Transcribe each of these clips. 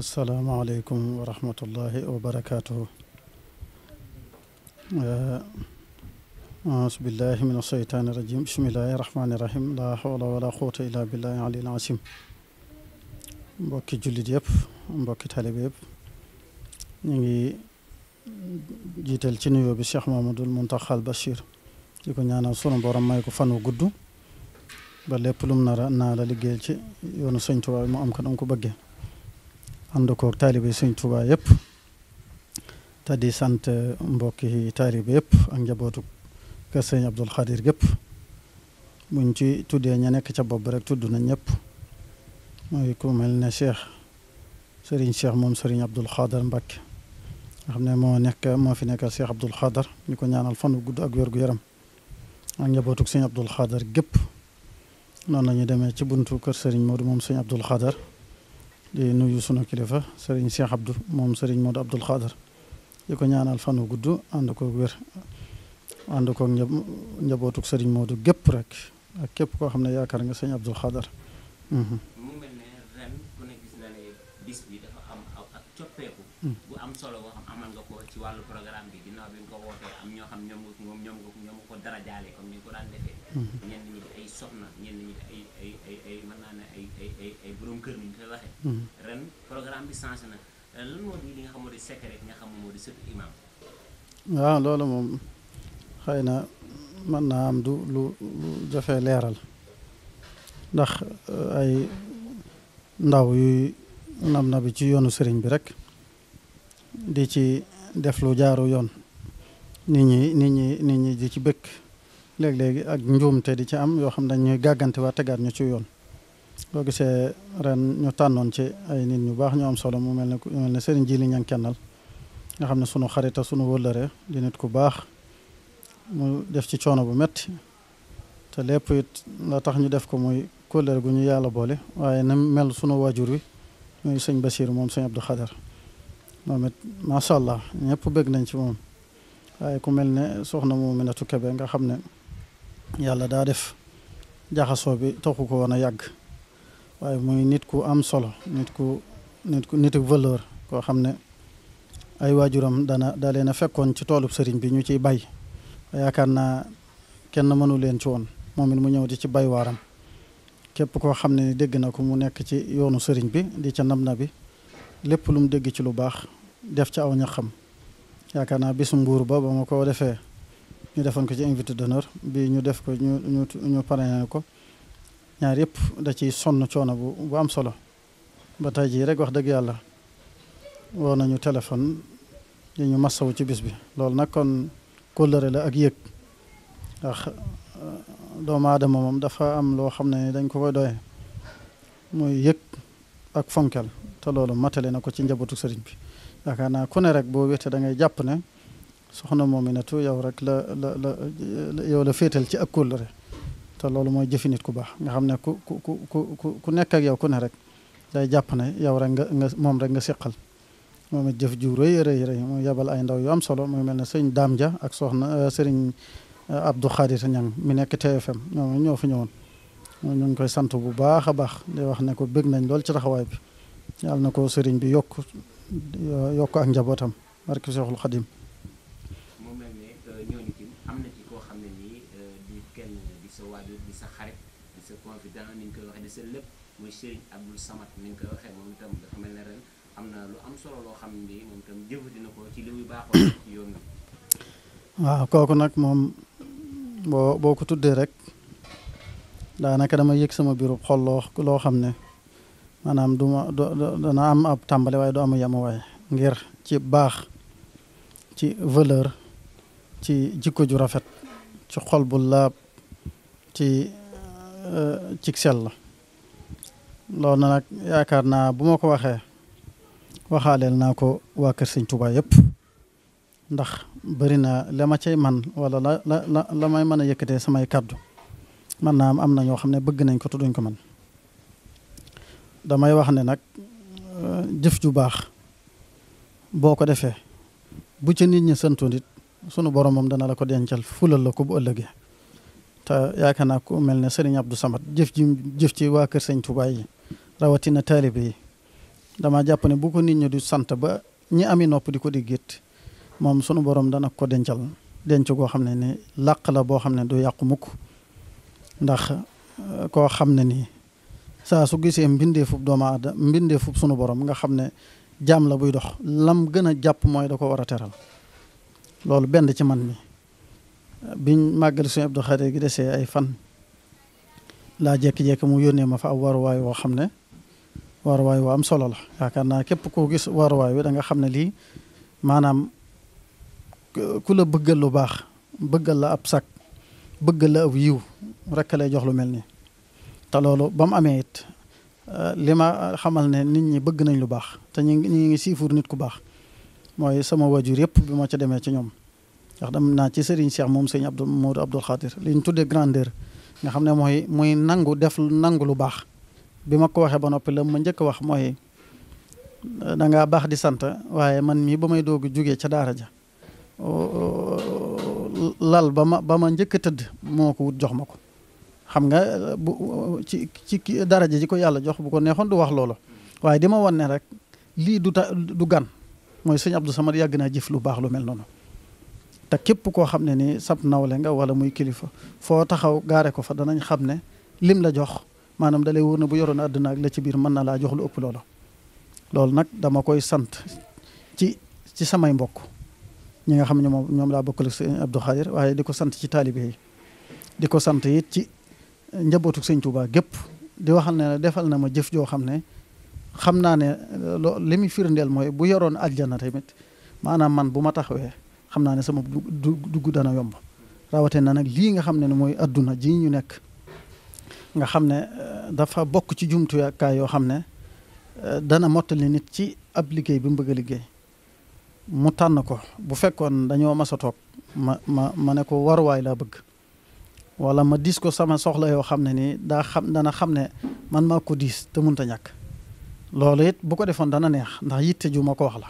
asalaamaaleykum wa rahmatullahi wa barakaatuhu eh, auzu billahi min asheytaani rajim bismillahi rahmaani laa hawla wala quwata illa billahi alil asim mbokki jullit yëpp mbokki talibe yëpp ñu ngi jiital ci nuyoo bi Cheikh Mamadul Muntaxal Bachir di ko ñaanal sunu borom may ko fan wu gudd ba lépp lum nar a naa la liggéeyal ci yoonu Sëñ Tuubaa am ko danga ànd koog taalibe sëñ Tuubaa yëpp te di sant mbokki taalibe yëpp ak njabootu kër sëñ Abdul Xadir gépp buñ ci tuddee ña nekk ca bopp rek tudd nañ ñëpp mooy ku mel ne Cheikh Serigne Cheikh moom Serigne Abdul Xadir Mbacke nga xam ne moo nekk moo fi nekkal Cheikh Abdul Xadir ñu ko ñaanal fan wu gudd ak wér yaram ak njabootu sëñ Abdul Xadir gépp noonu la demee ci buntu kër Serigne Modou moom sëñ Abdul Xadir. di nuyu sunu kilifa sëriñ Cheikh Abdou moom sëriñ Modou Abdoul Khader di ko ñaanal fan wu gudd ànd koog wér ànd koog njabootuk sëriñ Modou gépp rek ak képp koo xam ne yaakaar nga sëñ Abdoul Khader. Mhm. bu am solo boo nga ko ci wàllu programme bi ginnaaw bi nga ko wootee am ñoo xam ñoom nga ñoom ñoom nga ko darajaale comme ni nga waaw loolu moom xëy na man naa am du lu lu jafee leeral ndax euh, ay ndaw yuy nam na ci yoonu sëriñ bi rek. di ci deflu jaaru yoon nit ñi nit ñi nit ñi di ci bëkk léeg-léegi ak njuum njuumte di ci am yoo xam ne dañuy gàggante waa tegaat ñu ci yoon boo gisee ren ñu tànnoon ci ay nit ñu baax ñu am solo mu mel ni mu mel ne sëriñ ji ñan kennal nga xam ne sunu xarita sunu wëllëre di nit ku baax mu def ci coono bu metti te lépp it la tax ñu def ko muy kóllëre gu ñu yàlla boole waaye na mel sunu waajur wi muy sëñ Basiir moom sëñ Abdou Xadar moom it macha allah ñëpp bëgg nañ ci moom waaye ku mel ne soxna Mouminatou Kébé nga xam ne yàlla daa def jaxasoo bi toxu ko woon a yàgg waaye muy nit ku am solo nit ku nit ku nitu valeur koo xam ne ay waajuram dana daa a fekkoon ci toolu sëriñ bi ñu ciy bay yaakaar naa kenn mënu leen ci woon moom it mu ñëw di ci bay waaram képp koo xam ne dégg na ko mu nekk ci yoonu sëriñ bi di ca nam na bi lépp lu mu dégg ci lu baax def ca aw ñaxam yaakaar naa bisu mbuur ba ba ma ko defee ñu defoon ko ci invité d'honneur bi ñu def ko ñu ñu ñu ko ñaar yëpp da ciy sonn coono bu bu am solo ba tey jii rek wax dëgg yàlla woo nañu téléphone di ñu massawu ci bis bi loolu nag kon kóllëre la ak yëg ndax euh, doomu aadama moom dafa am loo xam ne dañ ko koy doyee muy yëg ak fonkel te loolu matale na ko ci njabootu sëriñ bi yaakaar naa ku ne rek boo wéete da ngay jàpp ne soxna Mominatou yow rek la la la la féetal ci ak kóllëre te loolu mooy jëfi ku baax nga xam ne ku ku ku ku ku nekk ak yow ku ne rek day jàpp ne yow rek nga nga moom rek nga seqal moom it jëf ju rëy rëy rëy mu yebal ay ndaw yu am solo muy mel na sëñ Daam Ja ak soxna euh, sëriñ euh, Abdou Khadir Ñang mi nekk TFM ñoom ñoo fi ñëwoon ñu ngi koy sant bu baax a baax di wax ne ko bëgg nañ lool ci taxawaay bi. yàlla na ko sëriñ bi yokk yokk ak njabootam barke Seexul Xadim mu mel ne euh, ñooñu tim xam ne nii euh, di kenn di sa waajur di lépp muy Serigne Abdoul Samad ni am na lu am solo loo xam ne moom itam jëfati na ko ci li muy baaxoo ci waaw kooku nag moom boo boo ko tuddee rek daanaka dama yëg sama biiru xol loo xam ne maanaam du ma dana am ab tàmbali waaye du am yamuwaay ngir ci baax ci valeur ci jikko ju rafet ci xol bu laab ci euh, cig sell loolu na yaakaar naa bu ma ko waxee waxaaleel naa ko waa kër sëñ Tuubaa yëpp ndax bëri na la ma cay man wala la la la may mën a yëkkatee samay kàddu man naa am am na ñoo xam ne bëgg nañ ko tudduñ ko man damay wax ne nag euh, jëf ju baax boo ko defee bu ca nit ñi santu sunu borom moom dana la ko dencal fulal la ko bu ëllëgee te yaakaar naa ku mel ne Serigne Abdou samat jëf ji jëf ci waa Kër Sëñ Touba yi rawatina taalibe yi dama jàpp ne bu ko nit ñi du sant ba ñi ami nopp di ko di gétt moom sunu borom dana ko dencal denc goo xam ne ni làq la boo xam ne du yàqu mukk ndax euh, koo xam ne nii saa su gisee mbindee fub dooma aada mbindee fub sunu borom nga xam ne jaam la buy dox lam gën a jàpp mooy da ko war a teral loolu benn ci man mi biñ màggal suñu Abdou Khadir gi desee ay fan laa jekki-jekki mu yónnee ma fa ab waruwaay woo xam ne waruwaay woo am solo la yaakaar naa képp koo gis waruwaay wi da nga xam ne lii maanaam ku la bëggal lu baax bëggal la ab sag bëggal la ab yiw rekk lay jox lu mel nii te loolu ba mu amee it euh, li ma xamal ne nit ñi bëgg nañ lu baax te ñu ngi ñu ngi siifuur nit ku baax mooy sama waajur yëpp bi ma ca demee ci ñoom ndax dem naa ci Serigne Cheikh moom sëñ Abdou Modou Abdoul Khadir li ñu tuddee grandeur nga xam ne mooy muy nangu def nangu lu baax bi ma ko waxee ba noppi la ma njëkk wax mooy euh, da baax di sant waaye man mii ba may doog jugee ca daara ja euh, lal ba ma ba ma njëkk tëdd moo ko wut jox ma ko. xam nga bu ci ci daraja ji ko yàlla jox bu ko neexoon du wax loolo waaye di ma wan rek lii du ta du gan mooy sëñ Abdou Samad yàgg naa jëf lu baax lu mel noonu te képp koo xam ne ni sab nawle nga wala muy kilifa foo taxaw gaare ko fa danañ xam ne lim la jox maanaam dalay wóor na bu yoroon àdduna ak la ci biir mën na laa jox lu ëpp loola loolu nag dama koy sant ci ci samay mbokk ñi nga xam ne moom ñoom laa bokkal ak sëñ Abdou waaye di ko sant ci taalibe yi di ko sant it njabootu sëñ Tuubaa gépp di waxal ne defal na ma jëf joo xam ne xam naa ne eh, loo li muy firndeel mooy bu yoroon àjjana tamit maanaam man bu ma taxawee xam naa ne sama dugg dana yomb rawate na nag lii nga xam ne ne mooy àdduna jii ñu nekk nga xam ne eh, dafa bokk ci jumtu jumtukaay yoo xam ne eh, dana mottali nit ci ab liggéey bi mu bëgg a liggéey mu tànn ko bu fekkoon dañoo mas a toog ma ma ma ne ko waruwaay laa bëgg wala ma diis ko sama soxla yoo xam ne nii daa xam dana xam ne man maa ko diis te munta ñàkk loolu it bu ko defoon dana neex ndax yitte ju ma ko wax la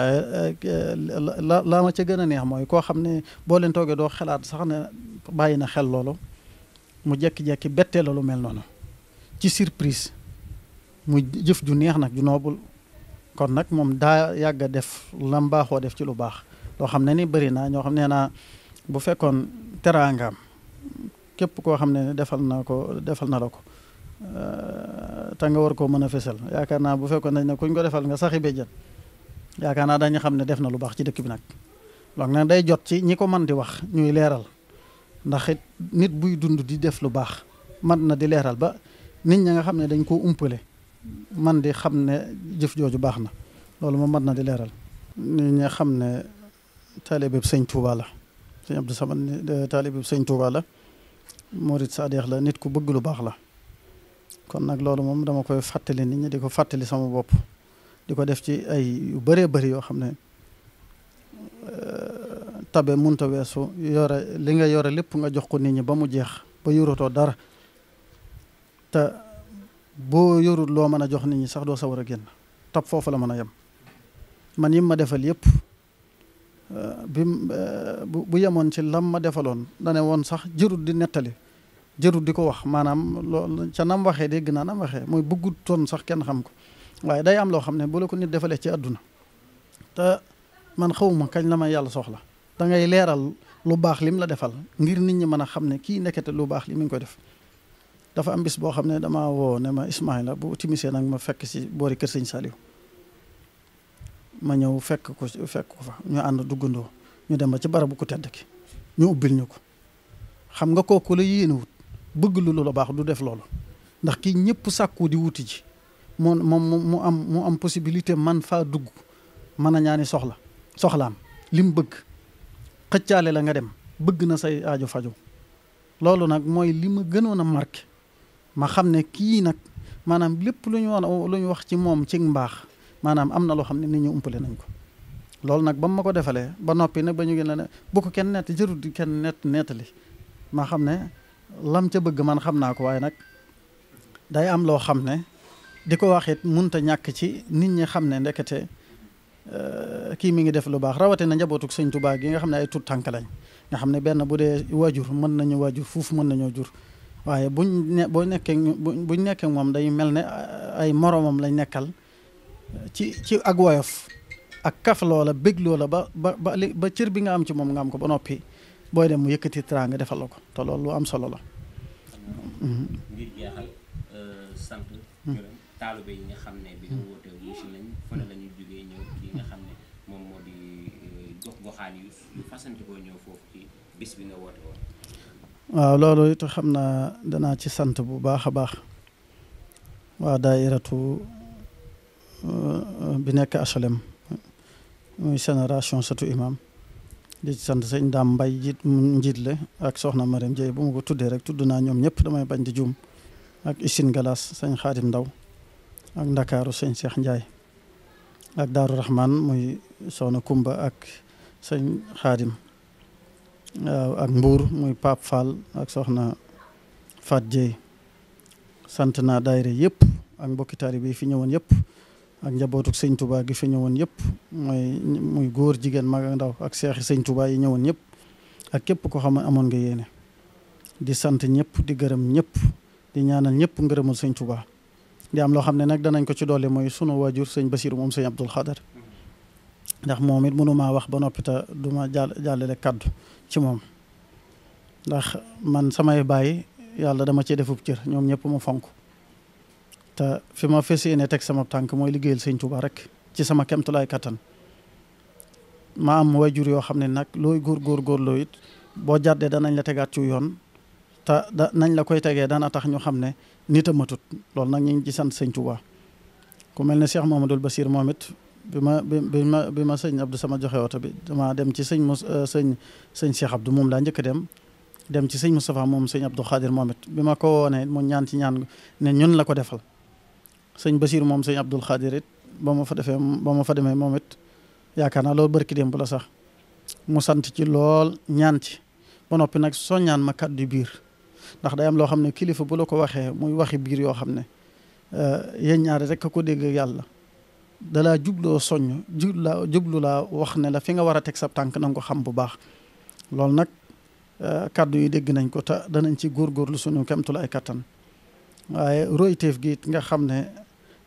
eh, la laa ma ca gën a neex mooy koo xam ne boo leen toogee doo xalaat sax ne bàyyi na xel loolu mu jekki-jekki bettee la lu mel noonu ci surprise mu jëf ju neex nag ju noobul kon nag moom daa yàgg def lam baaxoo def ci lu baax loo xam ne ni bëri naa ñoo xam nee naa bu fekkoon teraangaam képp koo xam ne defal na ko defal na la ko euh, te nga war koo mën a fesal yaakaar naa bu fekkoon nañ ne kuñ ko defal nga saxi béjjën yaakaar naa dañu xam ne def na lu baax ci dëkk bi nag loolu nag day jot ci ñi ko man di wax ñuy leeral ndax it nit buy dund di def lu baax mat na di leeral ba nit ña nga xam ne dañ koo umpale man di xam ne jëf jooju baax na loolu moom man na di leeral nit ña xam ne taalibe sëñ Tuuba sëñ Abdou Samad eh, taalib bi sëñ Touba la saadeex la nit ku bëgg lu baax la kon nag loolu moom dama koy fàttali nit ñi di ko fàttali sama bopp di ko def ci ay yu bëree bëri yoo xam ne eh, tabe munta weesu yore li nga yore lépp nga jox ko nit ñi ba mu jeex ba yorutoo dara te boo yorut loo mën a jox nit ñi sax doo sawar a génn tab foofu la mën a yem man yim ma defal yëpp bi eh, bu yemoon ci lam ma defaloon dane woon sax jërut di nettali jërut di ko wax maanaam loolu ca nam waxee dégg naa nam waxee mooy bëggut toon sax kenn xam ko waaye day am loo xam ne boo la ko nit defalee ci àdduna te man xawuma kañ la may yàlla soxla da ngay leeral lu baax lim la defal ngir nit ñi mën a xam ne kii nekkete lu baax li mi ngi koy def dafa am bis boo xam ne damaa woo ne ma Ismaïla bu timisee nag ma fekk si boori kër sëñ Saliou ma ñëw fekk ko fekk ko fa ñu ànd duggandoo ñu dem ba ci barabu ku tedd ki ñu ubbil ñu ko xam nga ko la yéenewut bëgg lu lu baax du def loolu ndax kii ñëpp sàkku di wuti ji moom moom mu am mu am possibilité man faa dugg mën a ñaani soxla soxlaam lim bëgg xëccaale la nga dem bëgg na say aajo fajo loolu nag mooy li ma gënoon a marqué ma xam ne kii nag maanaam lépp lu ñu wax lu ñu wax ci moom ci mbaax maanaam am na loo xam ne nit ñi umpale nañ ko loolu nag ba mu ma ko defalee ba noppi nag ba ñu gën a ne bu ko kenn nett jërul di kenn nett nettali maa xam ne lam ca bëgg man xam naa ko waaye nag day am loo xam ne di ko wax it munta ñàkk ci nit ñi xam ne ndekete euh, kii mi ngi def lu baax rawate na njabootuk sëñ baax gi nga xam ne ay tut tànk lañ nga xam ne benn bu dee waajur mën nañu waajur fuuf mën nañoo jur waaye buñ ne boo nekkee buñ nekkee moom day mel ne ay moroomam lañ nekkal ci ci ak woyof ak kaf loola bég loola ba ba ba cër bi nga am ci moom nga am ko ba noppi booy dem mu yëkkati teraanga defal la ko te loolu am solo la. Mm-hmm. ngir ñu woote ñëw moom moo foofu bi nga woote waaw loolu it xam naa danaa ci sant bu baax a baax waa daayiratu Euh, bi nekk HLM muy génération surtout imam di sant sëñ Dame mbay jiit njiit la ak soxna Mariam Dieye bu ma ko tuddee rek tudd naa ñoom ñëpp damay bañ di juum ak Isine Galas sëñ Xaadim Ndaw ak Ndakaaru sëñ Cheikh Ndiaye ak Daaru Rahman muy soxna Kumba ak sëñ Xaadim ak Mbuur muy Pape Fall ak soxna Fat Dieye sant naa daayira yëpp ak mbokki taalibe yi fi ñëwoon yëpp ak njabootuk sëñ Touba gi fi ñëwoon yëpp mooy muy góor jigéen mag ak ndaw ak seexi sëñ Touba yi ñëwoon yëpp ak képp ko xam ne amoon nga yéene di sant ñëpp di gërëm ñëpp di ñaanal ñëpp ngërëmul sëñ tubaa di am loo xam ne nag danañ ko ci doole mooy sunu waajur sëñ basiiru moom sëñ Abdul Xadar ndax moom it mënumaa wax ba noppi te duma jàll jàllale kàddu ci moom ndax man samay bàyyi yàlla dama cee defub cër ñoom ñëpp mu fonk te fi ma fas ne teg sama tànk mooy liggéeyal sëñ Tuuba rek ci sama kemtulaay kattan ma am wayjur yoo xam ne nag looy góor góor góorloo it boo jàddee nañ la tegaat ci yoon te da nañ la koy tegee dana tax ñu xam ne nit a matut loolu nag ñu ngi ci sant sëñ Tuuba ku mel ne Cheikh Mamadou Bassir moom it bi ma bi ma bi ma sëñ Abdou sama joxe oto bi dama dem ci sëñ mos euh, sëñ sëñ Cheikh Abdou moom laa njëkk dem dem ci sëñ Moustapha moom sëñ Abdou Khadir bi ma ko woonee mu ñaan ci ñaan ne ñun la ko defal sëñ Bachir moom sëñ Abdul Xaadir it ba ma fa defee ba ma fa demee moom it yaakaar naa loolu barki démb la sax mu sant ci lool ñaan ci ba noppi nag soo ñaan ma kàddu biir ndax dayam loo xam ne kilifa bu la ko waxee muy waxi biir yoo xam ne eh, yéen ñaari rek a ko dégg yàlla dalaa jubloo soññ jublu laa jublu laa wax ne la fi nga war a teg sa tànk nangu ko xam bu baax loolu nag eh, kàddu yi dégg nañ ko te danañ ci góorgóorlu suñu kemtul ay kattan waaye royteef gi it nga xam ne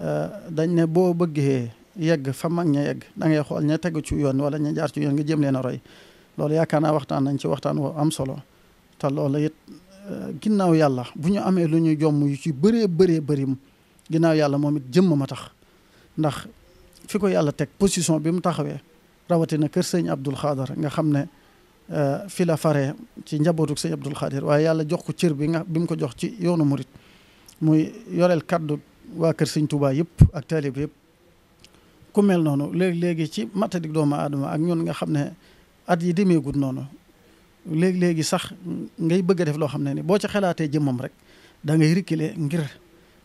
euh, dañ ne boo bëggee yegg fa mag ña yegg da ngay xool ña tegu ci yoon wala ña jaar ci yoon nga jëm leen a roy loolu yaakaar naa waxtaan nañ ci waxtaan woo am solo te loolu it euh, ginnaaw yàlla bu ñu amee lu ñu jomm yu ci bëree bëree bëri ginnaaw yàlla moom it jëmm ma tax ndax fi ko yàlla teg position bi mu taxawee rawatina kër sëñ Abdul Xaadar nga xam ne euh, fi la faree ci njabootu sëñ Abdul Xaadir waaye yàlla jox ko cër bi nga bi mu ko jox ci yoonu murit muy yoreel kaddu waa kër sëñ Tuubaa yëpp ak taalib yëpp ku noonu léegi léegi ci matadik doomu aadama ak ñun nga xam ne at yi demeegut noonu léegi léegi sax ngay bëgg a def loo xam ne ni boo ci xalaatee jëmmam rek da ngay reculer ngir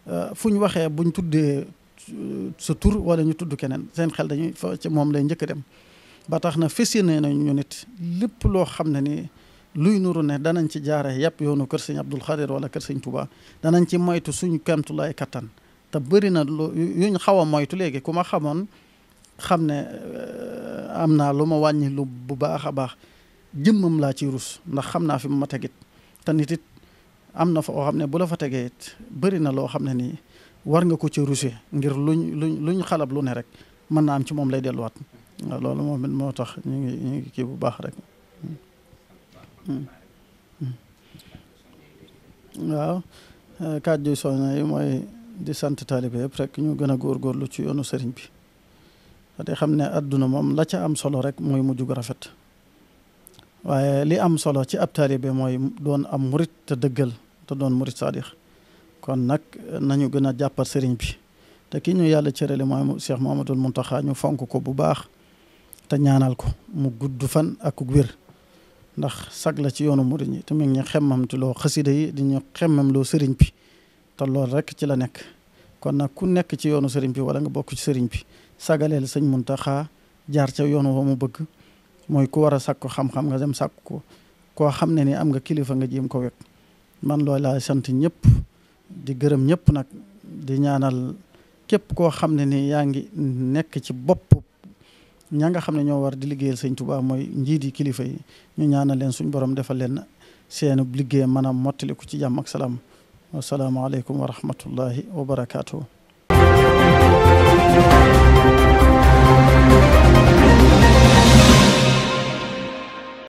euh, fu ñu waxee buñ tuddee euh, sa tur wala ñu tudd keneen seen xel dañuy fa moom lay njëkk a dem ba tax na fas yéene nañ ñu lépp loo xam ne ni luy nuru ne danañ ci jaare yàpp yoonu kër sëñ Abdul Xadir wala kër sëñ Tuba danañ ci moytu suñ kemtulaay kattan te bëri na lu yuñ xaw a moytu léegi ku ma xamoon xam ne euh, am naa lu ma wàññi lu bu baax a baax jëmmam laa ci rus ndax xam naa fi mu ma tegit te am na fa foo xam ne bu la fa tegee it bëri na loo xam ne nii war nga ko ci rusé ngir luñ luñ luñ xalab lu ne rek mën naa am ci moom lay delluwaat waaw loolu moom moo tax ñu ngi ñu ngi kii bu baax rek Hmm. Hmm. Hmm. waaw kàddu yu soñña yi mooy di sant taalibe yëpp rek ñu gën a góorgóorlu ci yoonu sëriñ bi te xam ne adduna moom la ca am solo rek mooy mujj gu rafet waaye li am solo ci ab taalibe mooy doon am murit te dëggal te doon murit saadix kon nag nañu gën a jàppal sëriñ bi te ki ñu yàlla cërale mooy Cheikh Mouhamadoul Mountakha ñu fonk ko bu baax te ñaanal ko mu gudd fan ak wir ndax sag la ci yoonu murid ñi te mi ngi ñu xemmamtiloo xasida yi di ñu xemmamloo sëriñ bi te loolu rek ci la nekk kon nag ku nekk ci yoonu sëriñ bi wala nga bokk ci sëriñ bi sagaleel sëñ Muntaxa jaar ca yoonu wa mu bëgg mooy ku war a sakku xam-xam nga dem sakku ko koo xam ne ni am nga kilifa nga jéem ko wek man loolu laa sant ñëpp di gërëm ñëpp nag di ñaanal képp koo xam ne ni yaa ngi nekk ci bopp ña nga xam ne ñoo war di liggéeyal sëñ mooy njiit yi kilifa yi ñu ñaanal leen suñ borom defal leen seen liggéey maanaam mottaliku ci jàmm ak salaam wasalaamaaleykum wa rahmatullahi wa barakaatu.